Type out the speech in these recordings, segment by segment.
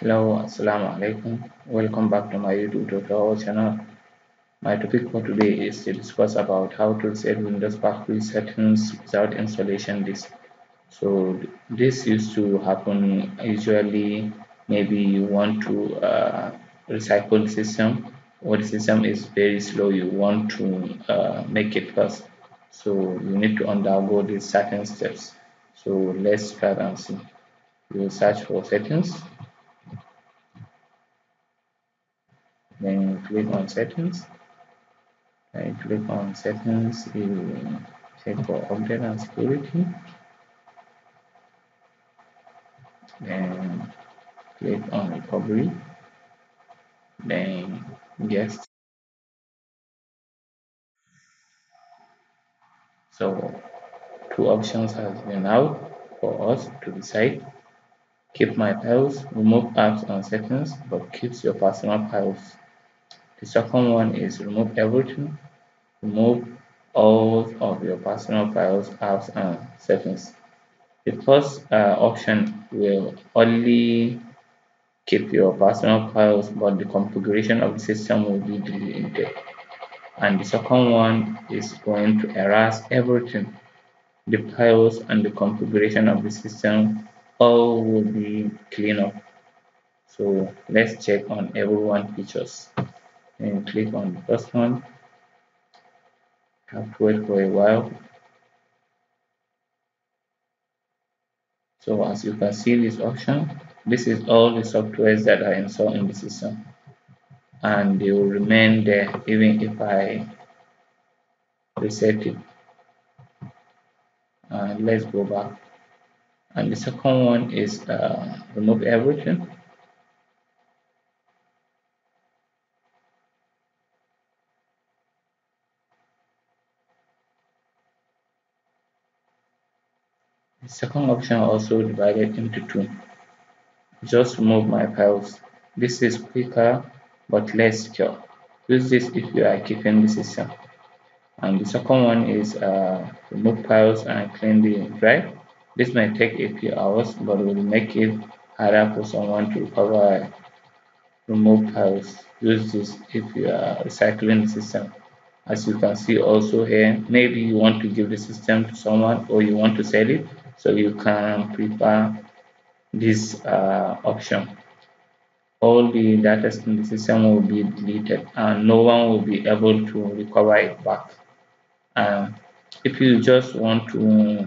hello assalamu alaikum welcome back to my youtube tutorial channel my topic for today is to discuss about how to set windows factory settings without installation disk so this used to happen usually maybe you want to uh, recycle system or the system is very slow you want to uh, make it fast so you need to undergo these certain steps so let's try and see you search for settings then click on settings I click on settings you check for update and security then click on recovery then guest so two options has been out for us to decide keep my files remove apps and settings but keeps your personal files the second one is remove everything. Remove all of your personal files, apps, and settings. The first uh, option will only keep your personal files, but the configuration of the system will be deleted. And the second one is going to erase everything. The files and the configuration of the system all will be cleaned up. So let's check on everyone features and click on the first one have to wait for a while so as you can see this option this is all the softwares that are installed in the system and they will remain there even if I reset it and let's go back and the second one is uh, remove everything The second option also divided into two. Just move my files. This is quicker but less secure. Use this if you are keeping the system. And the second one is uh, remove files and clean the drive. This may take a few hours but will make it harder for someone to recover remove files. Use this if you are recycling the system as you can see also here maybe you want to give the system to someone or you want to sell it so you can prefer this uh, option all the data in the system will be deleted and no one will be able to recover it back um, if you just want to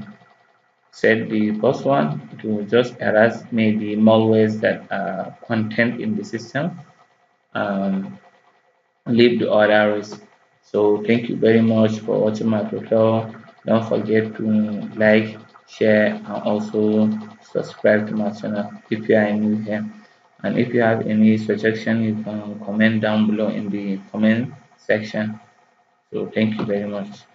set the first one to just erase maybe malwares that are content in the system um, leave the others so thank you very much for watching my tutorial don't forget to like share and also subscribe to my channel if you are new here and if you have any suggestion you can comment down below in the comment section so thank you very much